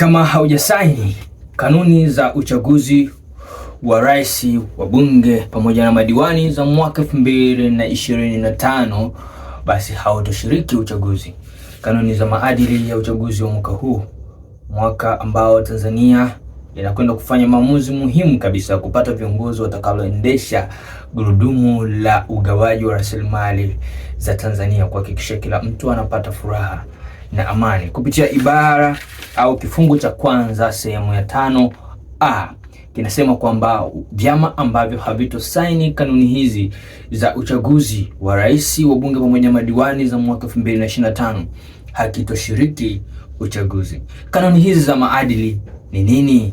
Kama haujasaini kanuni za uchaguzi wa rais, wa bunge pamoja na madiwani za mwaka 2025 basi hautoshiriki uchaguzi. Kanuni za maadili ya uchaguzi wa mwaka huu, mwaka ambao Tanzania inakwenda kufanya maamuzi muhimu kabisa kupata viongozi watakaloendesha gurudumu la ugawaji wa rasilimali za Tanzania, kuhakikisha kila mtu anapata furaha na amani kupitia ibara au kifungu cha kwanza sehemu ya tano a kinasema kwamba vyama ambavyo havitosaini kanuni hizi za uchaguzi wa rais, wa bunge pamoja na madiwani za mwaka 2025 hakitoshiriki uchaguzi. Kanuni hizi za maadili ni nini?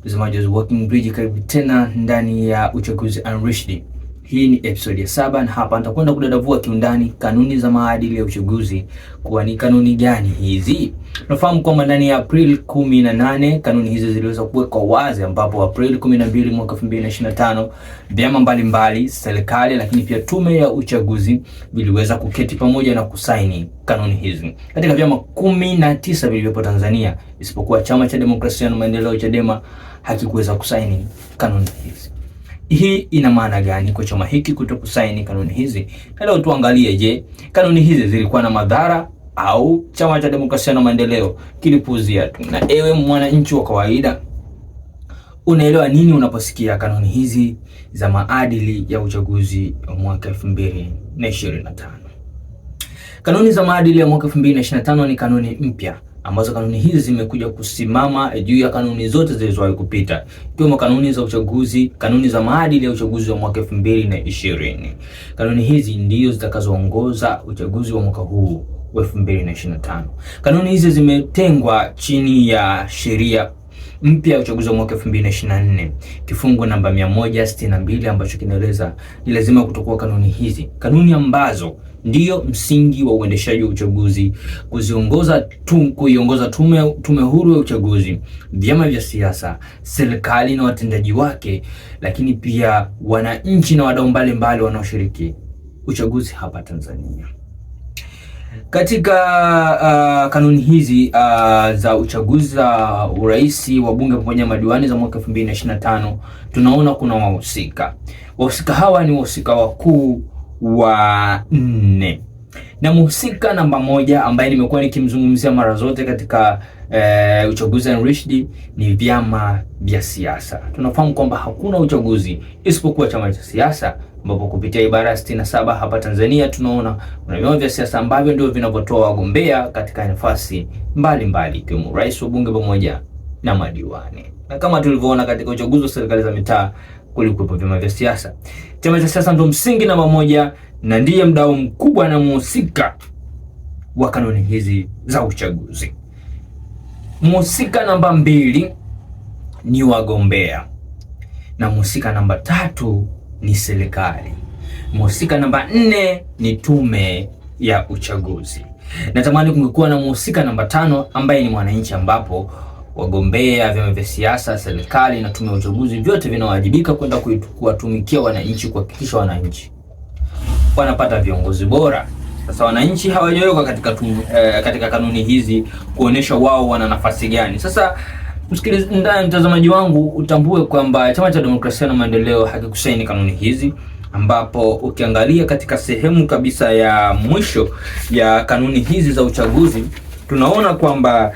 Mtazamaji wa Walking Bridge, karibu tena ndani ya Uchaguzi Unleashed. Hii ni episode ya saba na hapa nitakwenda kudadavua kiundani kanuni za maadili ya uchaguzi, kuwa ni kanuni gani hizi. Tunafahamu kwamba ndani ya april 18 kanuni hizi ziliweza kuwekwa wazi, ambapo April 12 mwaka 2025 vyama mbalimbali, serikali, lakini pia tume ya uchaguzi viliweza kuketi pamoja na kusaini kanuni hizi katika vyama kumi na tisa vilivyopo Tanzania, isipokuwa chama cha demokrasia na maendeleo, Chadema, hakikuweza kusaini kanuni hizi. Hii ina maana gani kwa chama hiki kuto kusaini kanuni hizi? Na leo tuangalie, je, kanuni hizi zilikuwa na madhara au chama cha demokrasia na maendeleo kilipuzia tu? Na ewe mwananchi wa kawaida unaelewa nini unaposikia kanuni hizi za maadili ya uchaguzi wa mwaka 2025? Kanuni za maadili ya mwaka 2025 ni kanuni mpya ambazo kanuni hizi zimekuja kusimama eh, juu ya kanuni zote zilizowahi kupita ikiwemo kanuni za uchaguzi, kanuni za maadili ya uchaguzi wa mwaka elfu mbili na ishirini. Kanuni hizi ndiyo zitakazoongoza uchaguzi wa mwaka huu wa elfu mbili na ishirini na tano. Kanuni hizi zimetengwa chini ya sheria mpya ya uchaguzi wa mwaka 2024 kifungu namba 162 ambacho kinaeleza ni lazima kutokuwa kanuni hizi, kanuni ambazo ndiyo msingi wa uendeshaji wa uchaguzi, kuziongoza tu, kuiongoza tume, tume huru ya uchaguzi, vyama vya siasa, serikali na watendaji wake, lakini pia wananchi na wadau mbalimbali wanaoshiriki uchaguzi hapa Tanzania. Katika uh, kanuni hizi uh, za uchaguzi za urais wa bunge pamoja na madiwani za mwaka 2025 tunaona kuna wahusika. Wahusika hawa ni wahusika wakuu wa nne na mhusika namba moja ambaye nimekuwa nikimzungumzia mara zote katika e, uchaguzi Enriched ni vyama vya siasa. Tunafahamu kwamba hakuna uchaguzi isipokuwa chama cha siasa, ambapo kupitia ibara ya sitini na saba hapa Tanzania tunaona kuna vyama vya siasa ambavyo ndio vinavyotoa wagombea katika nafasi mbalimbali ikiwemo rais, wabunge pamoja na madiwani, na kama tulivyoona katika uchaguzi wa serikali za mitaa kulikuwepo vyama vya siasa. Chama cha siasa ndo msingi namba moja na ndiye mdau mkubwa na muhusika wa kanuni hizi za uchaguzi. Mhusika namba mbili ni wagombea na mhusika namba tatu ni serikali. Mhusika namba nne ni tume ya uchaguzi. Natamani kungekuwa na mhusika namba tano ambaye ni mwananchi, ambapo wagombea, vyama vya siasa, serikali na tume ya uchaguzi, vyote vinawajibika kwenda kuwatumikia wananchi, kuhakikisha wananchi wanapata viongozi bora. Sasa wananchi hawajawekwa katika, eh, katika kanuni hizi kuonesha wao wana nafasi gani. Sasa msikilizaji, mtazamaji wangu, utambue kwamba Chama cha Demokrasia na Maendeleo hakikusaini kanuni hizi, ambapo ukiangalia katika sehemu kabisa ya mwisho ya kanuni hizi za uchaguzi tunaona kwamba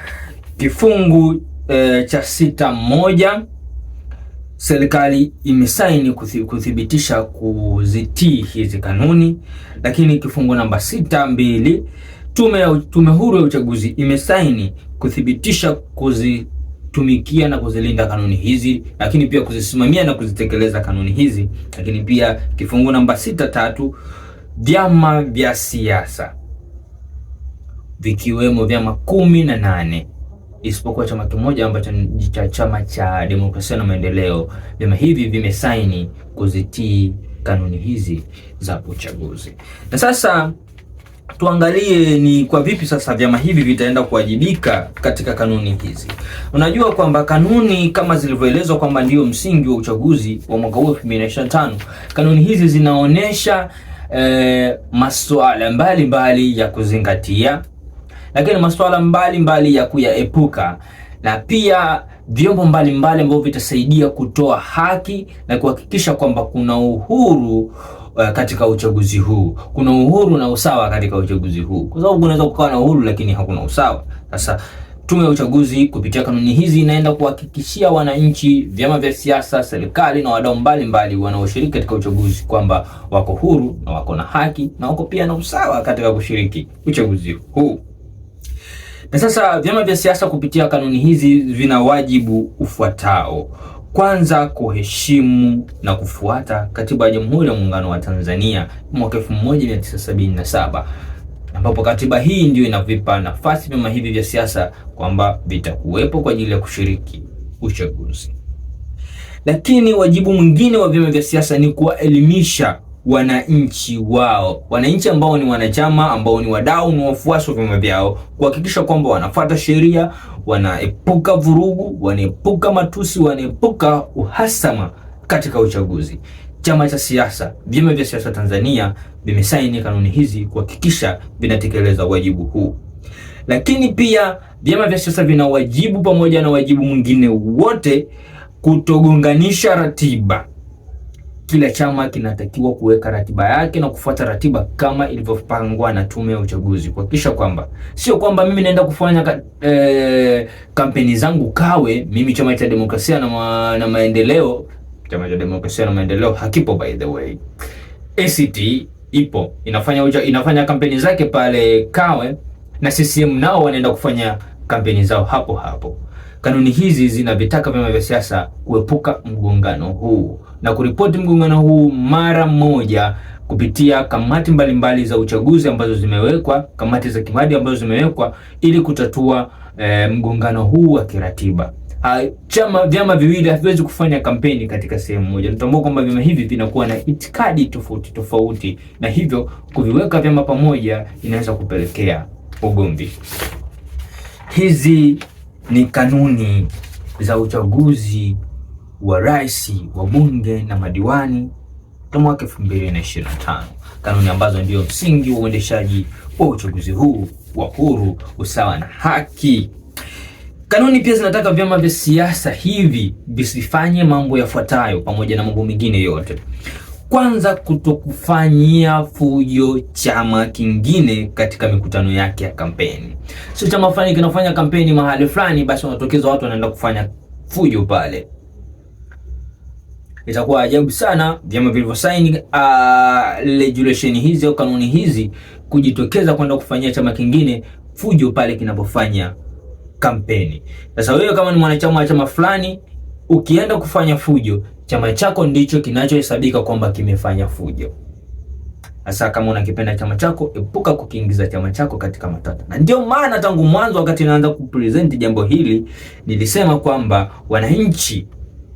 kifungu e, cha sita moja serikali imesaini kuthibitisha kuzitii hizi kanuni, lakini kifungu namba sita mbili tume, tume huru ya uchaguzi imesaini kuthibitisha kuzitumikia na kuzilinda kanuni hizi, lakini pia kuzisimamia na kuzitekeleza kanuni hizi. Lakini pia kifungu namba sita tatu vyama vya siasa vikiwemo vyama kumi na nane isipokuwa chama kimoja ambacho ni cha chama cha demokrasia na maendeleo. Vyama hivi vimesaini kuzitii kanuni hizi za uchaguzi. Na sasa tuangalie ni kwa vipi sasa vyama hivi vitaenda kuwajibika katika kanuni hizi. Unajua kwamba kanuni kama zilivyoelezwa kwamba ndio msingi wa uchaguzi wa mwaka huu 2025, kanuni hizi zinaonyesha eh, masuala mbalimbali ya kuzingatia lakini masuala mbalimbali ya kuyaepuka na pia vyombo mbalimbali ambavyo vitasaidia kutoa haki na kuhakikisha kwamba kuna uhuru eh, katika uchaguzi huu, kuna uhuru na usawa katika uchaguzi huu, kwa sababu kunaweza kukawa na uhuru lakini hakuna usawa. Sasa tume ya uchaguzi kupitia kanuni hizi inaenda kuhakikishia wananchi, vyama vya siasa, serikali na wadau mbalimbali wanaoshiriki katika uchaguzi kwamba wako huru na wako na haki na wako pia na usawa katika kushiriki uchaguzi huu. Na sasa vyama vya siasa kupitia kanuni hizi vina wajibu ufuatao: kwanza, kuheshimu na kufuata katiba ya Jamhuri ya Muungano wa Tanzania mwaka 1977 ambapo katiba hii ndio inavipa nafasi vyama hivi vya siasa kwamba vitakuwepo kwa ajili ya kushiriki uchaguzi. Lakini wajibu mwingine wa vyama vya siasa ni kuwaelimisha wananchi wao, wananchi ambao ni wanachama, ambao ni wadau na wafuasi wa vyama vyao, kuhakikisha kwamba wanafuata sheria, wanaepuka vurugu, wanaepuka matusi, wanaepuka uhasama katika uchaguzi. Chama cha siasa, vyama vya siasa Tanzania vimesaini kanuni hizi kuhakikisha vinatekeleza wajibu huu. Lakini pia vyama vya siasa vina wajibu, pamoja na wajibu mwingine wote, kutogonganisha ratiba kila chama kinatakiwa kuweka ratiba yake na kufuata ratiba kama ilivyopangwa na Tume ya Uchaguzi, kuhakikisha kwamba sio kwamba mimi naenda kufanya ka, e, kampeni zangu Kawe, mimi chama cha demokrasia na, ma, na maendeleo, chama cha demokrasia na maendeleo hakipo by the way. ACT ipo inafanya uja, inafanya kampeni zake pale Kawe na CCM nao wanaenda kufanya kampeni zao hapo hapo. Kanuni hizi zinavitaka vyama vya siasa kuepuka mgongano huu na kuripoti mgongano huu mara moja kupitia kamati mbalimbali mbali za uchaguzi ambazo zimewekwa, kamati za kimadi ambazo zimewekwa ili kutatua e, mgongano huu wa kiratiba. Ah, chama vyama viwili haviwezi kufanya kampeni katika sehemu moja. Natambua kwamba vyama hivi vinakuwa na itikadi tofauti tofauti, na hivyo kuviweka vyama pamoja inaweza kupelekea ugomvi. Hizi ni kanuni za uchaguzi wa rais, wa bunge na madiwani kwa mwaka 2025, kanuni ambazo ndio msingi wa uendeshaji wa uchaguzi huu wa huru, usawa na haki. Kanuni pia zinataka vyama vya siasa hivi visifanye mambo yafuatayo pamoja na mambo mengine yote. Kwanza, kutokufanyia fujo chama kingine katika mikutano yake ya kampeni. Sio chama fulani kinafanya kampeni mahali fulani, basi wanatokeza watu wanaenda kufanya fujo pale itakuwa ajabu sana vyama vilivyosaini uh, ah, regulation hizi au kanuni hizi kujitokeza kwenda kufanyia chama kingine fujo pale kinapofanya kampeni. Sasa wewe kama ni mwanachama wa chama fulani ukienda kufanya fujo, chama chako ndicho kinachohesabika kwamba kimefanya fujo. Sasa kama unakipenda chama chako, epuka kukiingiza chama chako katika matata. Na ndio maana tangu mwanzo, wakati naanza kupresent jambo hili, nilisema kwamba wananchi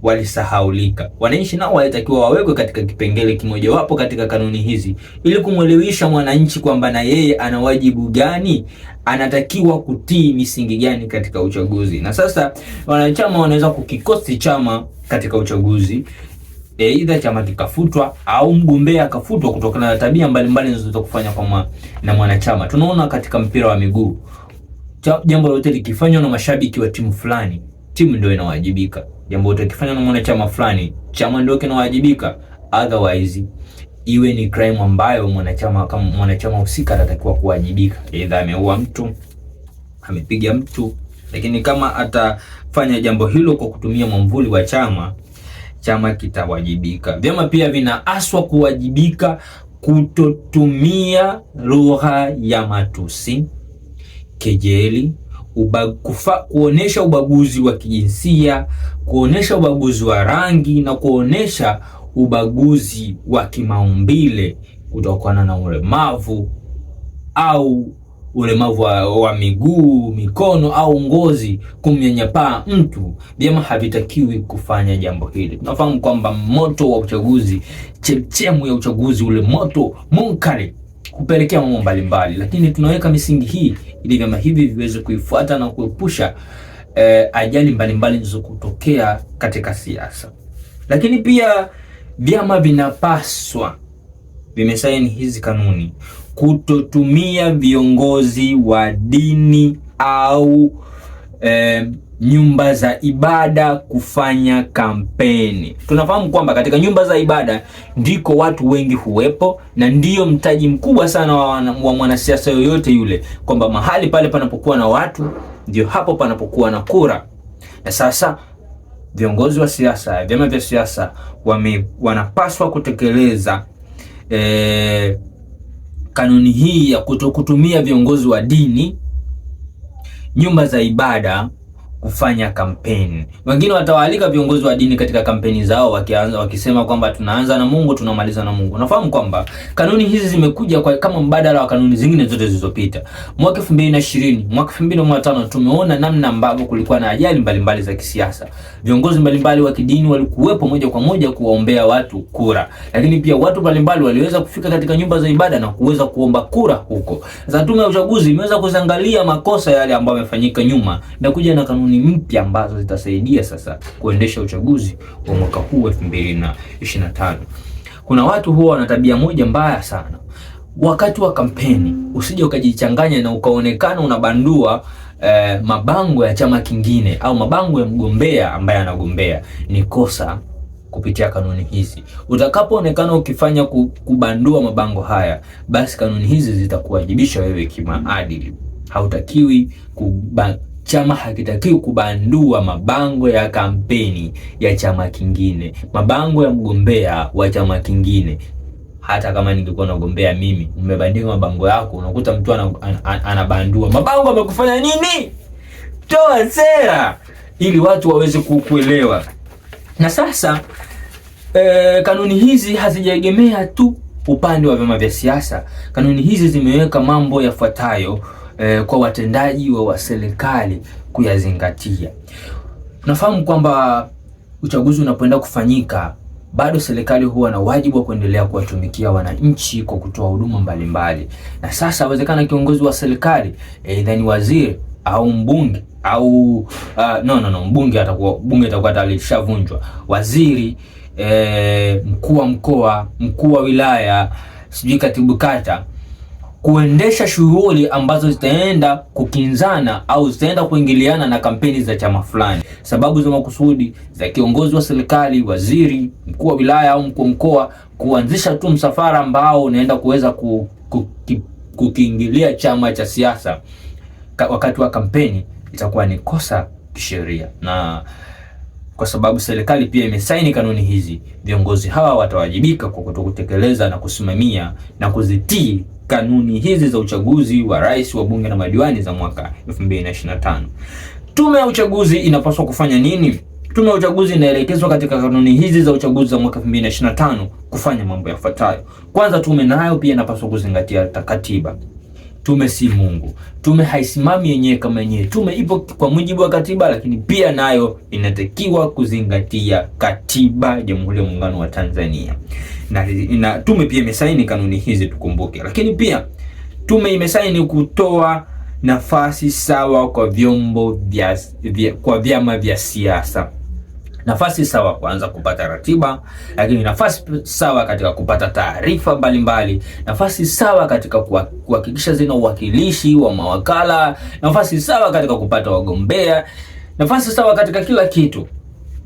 walisahaulika. Wananchi nao walitakiwa wawekwe katika kipengele kimojawapo katika kanuni hizi, ili kumwelewesha mwananchi kwamba na yeye ana wajibu gani, anatakiwa kutii misingi gani katika uchaguzi. Na sasa wanachama wanaweza kukikosi chama katika uchaguzi, aidha chama kikafutwa au mgombea akafutwa kutokana na tabia mbalimbali zinazoweza kufanya kwa ma, na mwanachama. Tunaona katika mpira wa miguu jambo lolote likifanywa na mashabiki wa timu fulani, timu ndio inawajibika jambo utakifanya na mwanachama fulani, chama ndio kinawajibika, otherwise iwe ni crime ambayo mwanachama kama mwanachama husika atatakiwa kuwajibika, aidha ameua mtu, amepiga mtu. Lakini kama atafanya jambo hilo kwa kutumia mwamvuli wa chama, chama kitawajibika. Vyama pia vinaaswa kuwajibika kutotumia lugha ya matusi, kejeli ubag, kufa, kuonesha ubaguzi wa kijinsia, kuonesha ubaguzi wa rangi na kuonesha ubaguzi wa kimaumbile kutokana na ulemavu au ulemavu wa, wa miguu, mikono au ngozi, kumnyanyapaa mtu. Vyama havitakiwi kufanya jambo hili. Tunafahamu kwamba moto wa uchaguzi, chemchemu ya uchaguzi, ule moto munkari kupelekea mambo mbalimbali, lakini tunaweka misingi hii ili vyama hivi viweze kuifuata na kuepusha eh, ajali mbalimbali kutokea katika siasa. Lakini pia vyama vinapaswa vimesaini hizi kanuni kutotumia viongozi wa dini au eh, nyumba za ibada kufanya kampeni. Tunafahamu kwamba katika nyumba za ibada ndiko watu wengi huwepo na ndiyo mtaji mkubwa sana wa, wa mwanasiasa yoyote yule, kwamba mahali pale panapokuwa na watu ndio hapo panapokuwa na kura. Na sasa viongozi wa siasa, vyama vya siasa wame, wanapaswa kutekeleza e, kanuni hii ya kutokutumia viongozi wa dini, nyumba za ibada kufanya kampeni. Wengine watawaalika viongozi wa dini katika kampeni zao wakianza wakisema kwamba tunaanza na Mungu tunamaliza na Mungu. Unafahamu kwamba kanuni hizi zimekuja kwa kama mbadala wa kanuni zingine zote zilizopita. Mwaka 2020, mwaka 2025 tumeona namna ambavyo kulikuwa na ajali mbalimbali za kisiasa. Viongozi mbalimbali wa kidini walikuwepo moja kwa moja kuwaombea watu kura. Lakini pia watu mbalimbali waliweza kufika katika nyumba za ibada na kuweza kuomba kura huko. Sasa tume ya uchaguzi imeweza kuzangalia makosa yale ambayo yamefanyika nyuma na kuja na kanuni kanuni mpya ambazo zitasaidia sasa kuendesha uchaguzi wa mwaka huu 2025. Kuna watu huwa wana tabia moja mbaya sana wakati wa kampeni, usije ukajichanganya na ukaonekana unabandua eh, mabango ya chama kingine au mabango ya mgombea ambaye anagombea. Ni kosa kupitia kanuni hizi. Utakapoonekana ukifanya kubandua mabango haya, basi kanuni hizi zitakuwajibisha wewe kimaadili. Hautakiwi kuba chama hakitakiwi kubandua mabango ya kampeni ya chama kingine, mabango ya mgombea wa chama kingine. Hata kama ningekuwa nagombea mimi, umebandika mabango yako, unakuta mtu an, an, an, anabandua mabango. Amekufanya nini? Toa sera ili watu waweze kukuelewa. Na sasa e, kanuni hizi hazijaegemea tu upande wa vyama vya siasa. Kanuni hizi zimeweka mambo yafuatayo eh, kwa watendaji wa serikali kuyazingatia. Nafahamu kwamba uchaguzi unapoenda kufanyika bado serikali huwa na wajibu wa kuendelea kuwatumikia wananchi kwa kutoa huduma mbalimbali, na sasa awezekana kiongozi wa serikali aidha e, ni waziri au mbunge au uh, no, no, no, mbunge atakuwa bunge atakuwa talishavunjwa, waziri eh, mkuu wa mkoa, mkuu wa wilaya, sijui katibu kata kuendesha shughuli ambazo zitaenda kukinzana au zitaenda kuingiliana na kampeni za chama fulani. Sababu za makusudi za kiongozi wa serikali, waziri, mkuu wa wilaya au mkuu mkoa kuanzisha tu msafara ambao unaenda kuweza ku, ku, ku, kukiingilia chama cha siasa wakati wa kampeni itakuwa ni kosa kisheria, na kwa sababu serikali pia imesaini kanuni hizi, viongozi hawa watawajibika kwa kutokutekeleza na kusimamia na kuzitii kanuni hizi za uchaguzi wa rais wa bunge na madiwani za mwaka 2025. Tume ya uchaguzi inapaswa kufanya nini? Tume ya uchaguzi inaelekezwa katika kanuni hizi za uchaguzi za mwaka 2025 kufanya mambo yafuatayo. Kwanza, tume nayo pia inapaswa kuzingatia katiba. Tume si Mungu. Tume haisimami yenyewe kama yenyewe. Tume ipo kwa mujibu wa katiba, lakini pia nayo inatakiwa kuzingatia katiba ya Jamhuri ya Muungano wa Tanzania na, na tume pia imesaini kanuni hizi tukumbuke, lakini pia tume imesaini kutoa nafasi sawa kwa vyombo vya, vya, kwa vyama vya siasa nafasi sawa kuanza kupata ratiba, lakini nafasi sawa katika kupata taarifa mbalimbali, nafasi sawa katika kuhakikisha zina uwakilishi wa mawakala, nafasi sawa katika kupata wagombea, nafasi sawa katika kila kitu,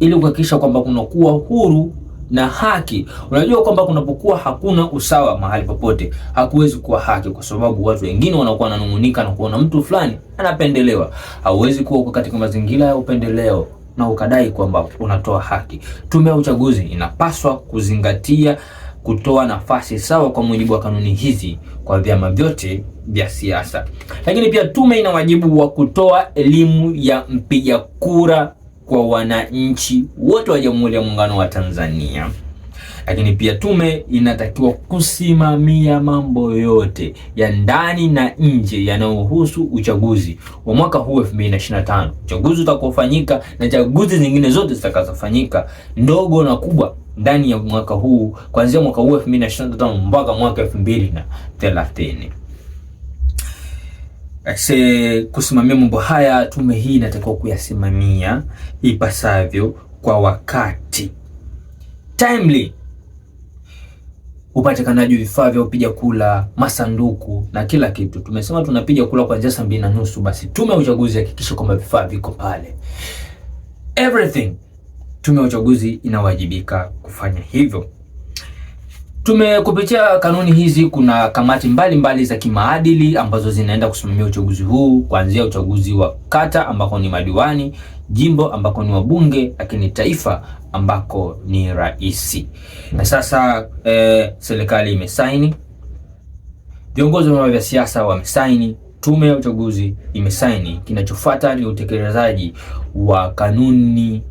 ili kuhakikisha kwamba kunakuwa huru na haki. Unajua kwamba kunapokuwa hakuna usawa mahali popote hakuwezi kuwa haki, kwa sababu watu wengine wanakuwa wananung'unika na kuona mtu fulani anapendelewa. Hauwezi kuwa katika mazingira ya upendeleo na ukadai kwamba unatoa haki. Tume ya uchaguzi inapaswa kuzingatia kutoa nafasi sawa kwa mujibu wa kanuni hizi kwa vyama vyote vya siasa. Lakini pia tume ina wajibu wa kutoa elimu ya mpiga kura kwa wananchi wote wa Jamhuri ya Muungano wa Tanzania. Lakini pia tume inatakiwa kusimamia mambo yote ya ndani na nje yanayohusu uchaguzi wa mwaka huu 2025, uchaguzi utakaofanyika na chaguzi zingine zote zitakazofanyika ndogo na kubwa ndani ya mwaka huu, kuanzia mwaka huu 2025 mpaka mwaka 2030. Ase kusimamia mambo haya, tume hii inatakiwa kuyasimamia ipasavyo kwa wakati timely upatikanaji wa vifaa vya upiga kula, masanduku na kila kitu. Tumesema tunapiga kula kuanzia saa mbili na nusu. Basi tume ya uchaguzi hakikisha kwamba vifaa viko pale, everything. Tume ya uchaguzi inawajibika kufanya hivyo. Tume kupitia kanuni hizi, kuna kamati mbalimbali mbali za kimaadili ambazo zinaenda kusimamia uchaguzi huu, kuanzia uchaguzi wa kata ambako ni madiwani, jimbo ambako ni wabunge, lakini taifa ambako ni rahisi. Na sasa eh, serikali imesaini, viongozi wa vyama vya siasa wamesaini, tume ya uchaguzi imesaini. Kinachofuata ni utekelezaji wa kanuni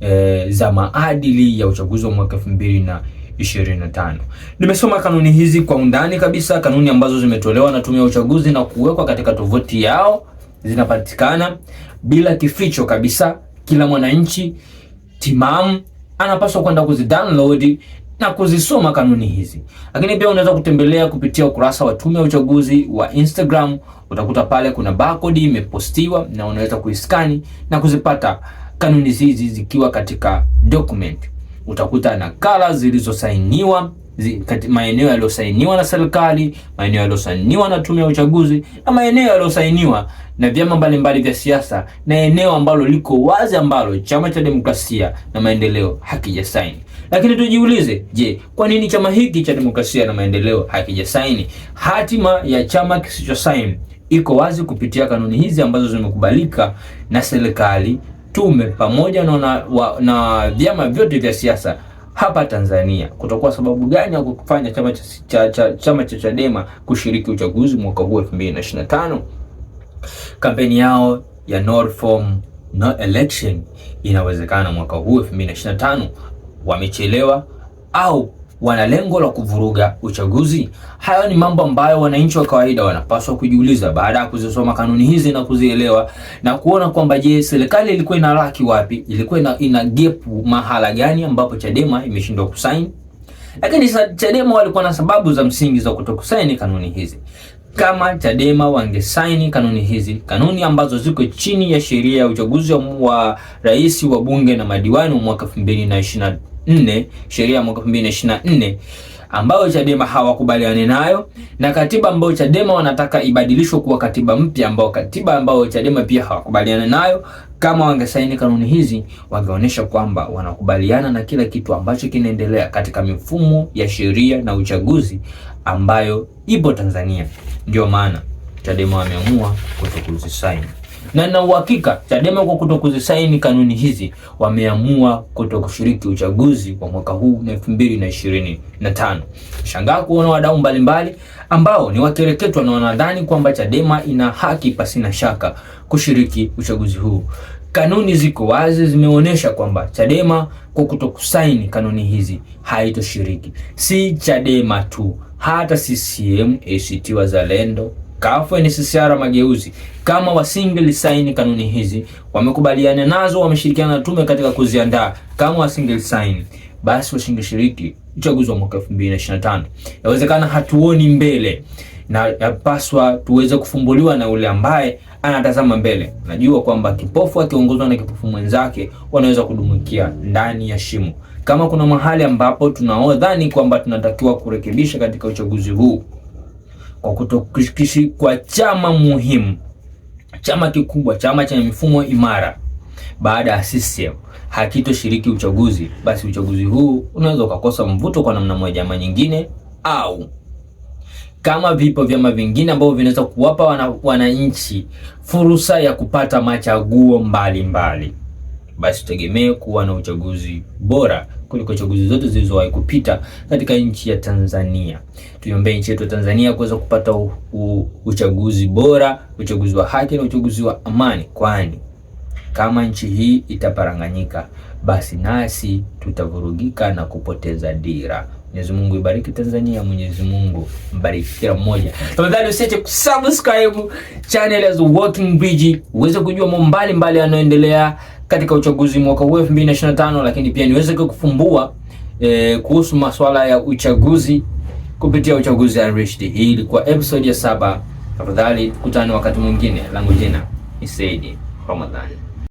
eh, za maadili ya uchaguzi wa mwaka elfu mbili na 25. Nimesoma kanuni hizi kwa undani kabisa, kanuni ambazo zimetolewa na tume ya uchaguzi na kuwekwa katika tovuti yao, zinapatikana bila kificho kabisa, kila mwananchi timamu anapaswa kwenda kuzidownload na kuzisoma kanuni hizi. Lakini pia unaweza kutembelea kupitia ukurasa wa Tume ya Uchaguzi wa Instagram, utakuta pale kuna barcode imepostiwa na unaweza kuiskani na kuzipata kanuni hizi zikiwa katika document. Utakuta nakala zilizosainiwa maeneo yaliyosainiwa na serikali, maeneo yaliyosainiwa na tume ya uchaguzi na maeneo yaliyosainiwa na vyama mbalimbali vya siasa na eneo ambalo liko wazi ambalo chama cha demokrasia na maendeleo hakijasaini. Lakini tujiulize, je, kwa nini chama hiki cha demokrasia na maendeleo hakijasaini? Hatima ya chama kisichosaini iko wazi kupitia kanuni hizi ambazo zimekubalika na serikali, tume pamoja na, na, na vyama vyote vya siasa hapa Tanzania. Kutakuwa sababu gani ya kufanya chama cha, cha, cha, chama cha Chadema kushiriki uchaguzi mwaka huu 2025? Kampeni yao ya no reform no election inawezekana mwaka huu 2025 wamechelewa au wana lengo la kuvuruga uchaguzi? Hayo ni mambo ambayo wananchi wa kawaida wanapaswa kujiuliza baada ya kuzisoma kanuni hizi na kuzielewa na kuona kwamba je, serikali ilikuwa ina laki wapi? Ilikuwa ina, ina gepu mahala gani ambapo Chadema imeshindwa kusaini? Lakini Chadema walikuwa na sababu za msingi za kutokusaini kanuni hizi kama Chadema wangesaini kanuni hizi, kanuni ambazo ziko chini ya sheria ya uchaguzi wa rais wa bunge na madiwani wa mwaka 2024, sheria ya mwaka 2024 ambayo Chadema hawakubaliani nayo na katiba ambayo Chadema wanataka ibadilishwe kuwa katiba mpya, ambayo katiba ambayo Chadema pia hawakubaliani nayo. Kama wangesaini kanuni hizi, wangeonyesha kwamba wanakubaliana na kila kitu ambacho kinaendelea katika mifumo ya sheria na uchaguzi ambayo ipo Tanzania. Ndio maana Chadema wameamua kutokuzisaini, na na uhakika Chadema kwa kutokuzisaini kanuni hizi wameamua kutokushiriki uchaguzi wa mwaka huu na elfu mbili na ishirini na tano. Shangaa kuona wadau mbalimbali ambao ni wakereketwa na wanadhani kwamba Chadema ina haki pasina shaka kushiriki uchaguzi huu. Kanuni ziko wazi, zimeonyesha kwamba Chadema kwa kutokusaini kanuni hizi haitoshiriki. Si Chadema tu, hata CCM, ACT Wazalendo, CUF, NCCR Mageuzi kama wasingelisaini kanuni hizi, wamekubaliana nazo, wameshirikiana na tume katika kuziandaa. Kama wasingelisaini basi shiriki uchaguzi wa mwaka 2025. Yawezekana hatuoni mbele na yapaswa tuweze kufumbuliwa na yule ambaye anatazama mbele. Najua kwamba kipofu akiongozwa na kipofu mwenzake wanaweza kudumukia ndani ya shimo. Kama kuna mahali ambapo tunaodhani kwamba tunatakiwa kurekebisha katika uchaguzi huu kwa kutokishi kwa chama muhimu, chama kikubwa, chama chenye mifumo imara baada ya CCM hakitoshiriki uchaguzi, basi uchaguzi huu unaweza ukakosa mvuto kwa namna moja ama nyingine, au kama vipo vyama vingine ambavyo vinaweza kuwapa wananchi fursa ya kupata machaguo mbalimbali, basi tutegemee kuwa na uchaguzi bora kuliko chaguzi zote zilizowahi kupita katika nchi ya Tanzania. Tuiombee nchi yetu ya Tanzania kuweza kupata u, u, uchaguzi bora, uchaguzi wa haki na uchaguzi wa amani, kwani kama nchi hii itaparanganyika, basi nasi tutavurugika na kupoteza dira. Mwenyezi Mungu ibariki Tanzania, Mwenyezi Mungu mbariki kila mmoja. Tafadhali usiache kusubscribe channel ya Walking Bridge uweze kujua mambo mbalimbali yanayoendelea katika uchaguzi mwaka huu 2025, lakini pia niweze kukufumbua eh, kuhusu masuala ya uchaguzi kupitia uchaguzi Unleashed. Hii ilikuwa episode ya saba. Tafadhali tukutane wakati mwingine. Langu jina ni Said Ramadhani.